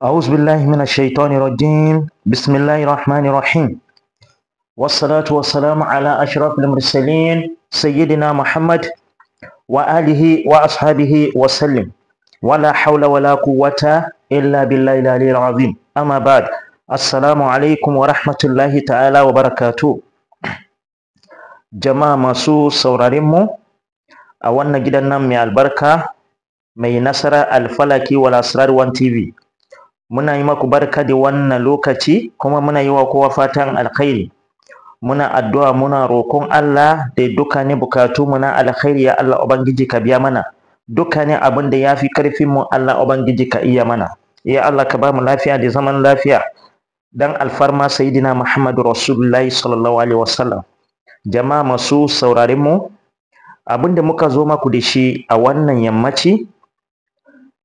أعوذ بالله من الشيطان الرجيم بسم الله الرحمن الرحيم والصلاة والسلام على أشرف المرسلين سيدنا محمد وآله وأصحابه وسلم ولا حول ولا قوة إلا بالله العلي العظيم أما بعد السلام عليكم ورحمة الله تعالى وبركاته جماعة مسو سورارمو أولنا جدا نمي البركة مي نصر الفلكي والأسرار وان تي في muna yi maku barka da wannan lokaci kuma muna yi wa kowa fatan alkhairi muna addu'a muna roƙon Allah da dukkanin bukatu muna alkhairi ya Allah ubangiji ka biya mana dukkanin abin da yafi karfin mu Allah ubangiji ka iya mana ya Allah ka ba mu lafiya da zaman lafiya dan alfarma sayyidina Muhammadu Rasulullahi sallallahu alaihi wasallam jama'a masu sauraren mu abin da muka zo maku da shi a wannan yammaci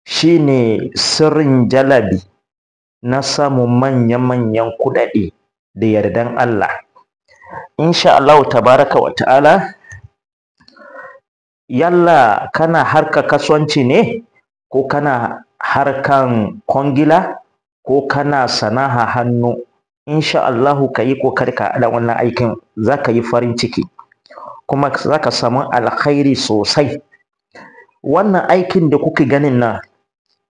shine sirrin jalabi na samu manya-manyan kuɗaɗe da yardan Allah insha Allah tabaraka wa ta'ala yalla kana harka kasuwanci ne ko kana harkan kwangila ko kana sana'a hannu insha Allah ka yi kokari ka wannan aikin za yi farin ciki kuma zaka samu alkhairi sosai wannan aikin da kuke ganin nan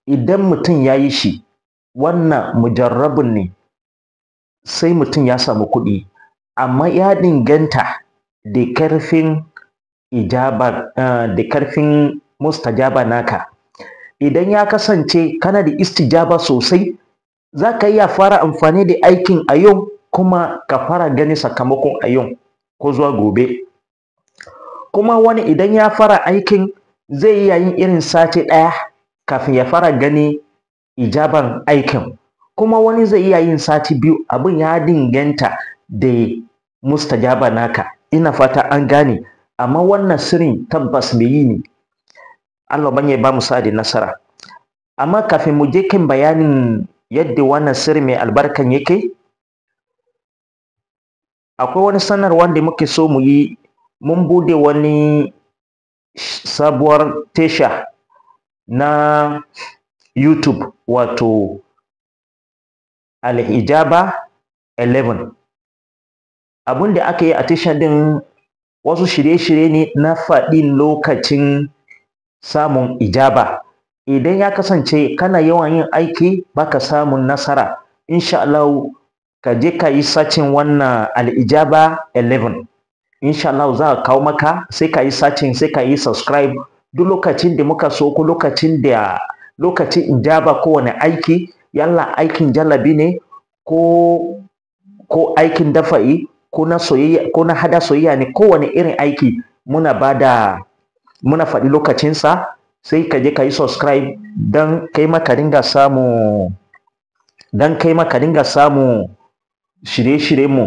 idan mutum ya yi shi wannan mujarrabin ne sai mutum ya samu kuɗi amma ya dinganta da karfin ijaba eh, da karfin mustajaba naka idan ya kasance kana da istijaba sosai za ka iya fara amfani da aikin a yau kuma ka fara gani sakamakon a yau ko zuwa gobe kuma wani idan ya fara aikin zai iya yin irin sati ɗaya kafin ya fara gani ijaban aikin kuma wani zai iya yin sati biyu abin ya dinganta da mustajaba naka ina fata an gane amma wannan sirrin tabbas mai yi ne Allah ban ya ba mu sa nasara amma kafin mu je kan bayanin yadda wannan sirri mai albarkan yake akwai wani sanarwar da muke so mu yi mun bude wani sabuwar tasha na YouTube wato Al-Hijaba 11 abin da aka yi a tasha din wasu shirye-shirye ne na faɗi lokacin samun ijaba idan ya kasance kana yawan yin aiki baka samun nasara insha Allah ka je ka yi sacin wannan al ijaba 11 insha Allah za ka kawo maka sai ka yi sacin sai ka yi subscribe duk lokacin da muka so ko lokacin da lokacin ba kowane aiki yalla aikin jalabi ne ko ko aikin dafa'i ko na soyayya ko na hada soyayya ne kowane irin aiki muna bada muna faɗi lokacinsa sai ka je ka yi subscribe don kai maka dinga samu don kai maka dinga samu shirye-shirye mu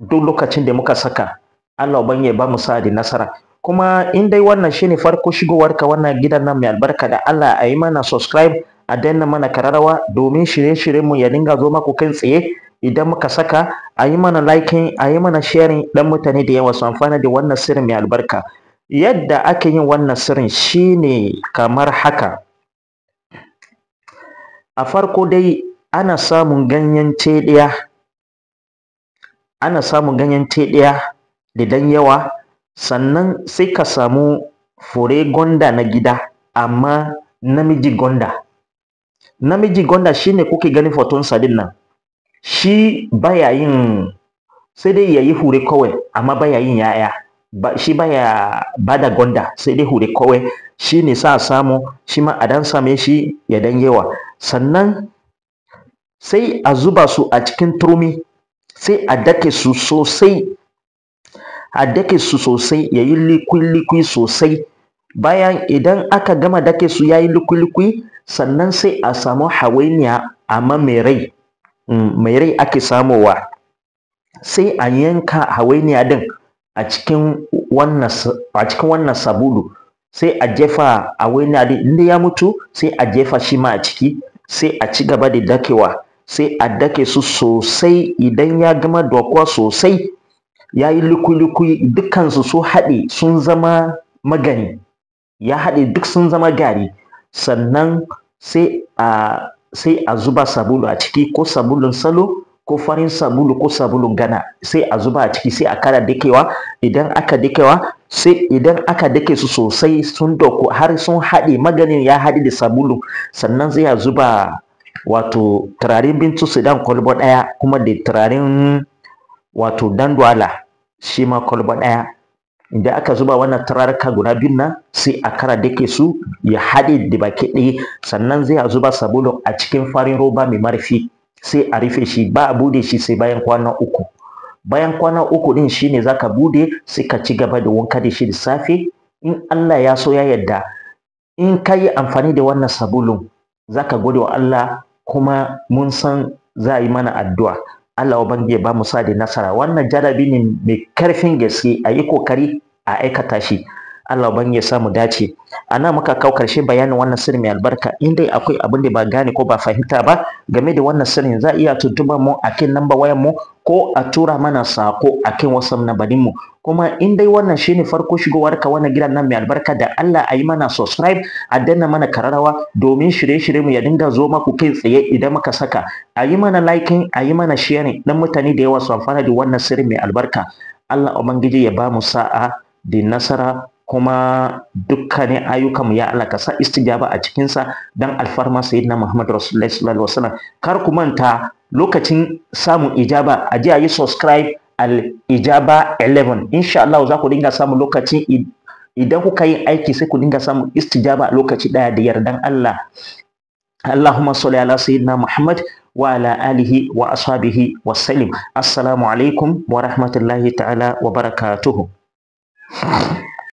duk lokacin da muka saka Allah ban ya ba mu sa di nasara kuma in dai wannan shine farko shigowarka wannan gidan nan mai albarka da Allah a yi mana subscribe a danna mana kararrawa domin shirye-shiryenmu ya dinga zo maku kai tsaye idan muka saka a yi mana liking a yi mana sharing dan mutane da yawa su amfana da wannan sirrin mai albarka yadda ake yin wannan sirrin shine kamar haka a farko dai ana samun ganyen teɗiya ana samun ganyen teɗiya da dan yawa sannan sai ka samu fure gwanda na gida amma namiji gwanda namiji gwanda shine kuke ganin foton sa nan shi baya yin sai dai yayi hure kawai amma baya yin yaya ba, shi baya bada gwanda sai dai hure kawai ne sa samu shi ma a dan same shi ya dan yawa sannan sai a zuba su a cikin turmi sai a dake su sosai a dake su sosai ya yi likwi-likwi sosai bayan idan aka gama dake su ya yi likwi-likwi sannan sai a samu hawainiya amma mai rai mm, mai rai ake samowa sai a yanka hawainiya din a cikin wannan sabulu sai a jefa hawainiya din inda ya mutu sai a jefa shi ma a ciki sai a ci gaba da dakewa sai a dake su sosai idan ya gama dokuwa sosai ya yi likwi dukansu su haɗe sun zama magani ya haɗe duk sun zama gari sannan sai a zuba sabulu a ciki ko sabulun salo ko farin sabulu ko sabulun gana sai a zuba a ciki sai a kara dakewa idan aka dakewa sai idan aka dake su sosai sun doku har sun haɗe maganin ya haɗe da sabulu sannan sai a zuba wato turaren bintu sudan kwalba ɗaya kuma da turaren wato dandwala shi ma kwalba ɗaya Inda aka zuba wannan turaruka guda biyun nan sai a kara dake su ya haɗe da baki ɗaya sannan zai a zuba sabulun a cikin farin roba mai marfi sai a rufe shi ba a bude shi sai bayan kwana uku bayan kwana uku din shine zaka bude sai ka ci gaba da wanka da shi da safe in Allah ya so ya yarda in ka yi amfani da wannan sabulun zaka gode wa Allah kuma mun san za a yi mana addu'a Allah ubangi ya ba mu sa nasara wannan jarabi ne mai karfin gaske a yi kokari a aikata shi Allah ban ya samu dace ana muka kawo karshe bayanin wannan sirri mai albarka in dai akwai abin da ba gane ko ba fahimta ba game da wannan sirrin za iya tuntuba mu a akan namba wayar mu ko a tura mana sako akan wasan nabarin mu kuma in dai wannan shine farko shigowar ka wannan gidan nan mai albarka da Allah a yi mana subscribe a danna mana kararrawa domin shirye-shirye mu ya dinga zo maku kai tsaye idan muka saka a yi mana liking a yi mana sharing dan mutane da yawa su amfana da wannan sirri mai albarka Allah Ubangiji ya ba mu sa'a da nasara kuma dukkanin ayyukanmu ya Allah ka sa istijaba a cikinsa dan alfarma sayyidina Muhammad Rasulullahi sallallahu alaihi wasallam kar ku manta lokacin samun ijaba a ji yi subscribe al ijaba 11 insha Allah za ku dinga samun lokacin idan kuka yi aiki sai ku dinga samun istijaba a lokaci daya da yardan Allah Allahumma salli ala sayyidina Muhammad wa wa وعلى wa وأصحابه Assalamu alaikum wa ورحمة ta'ala wa barakatuhu.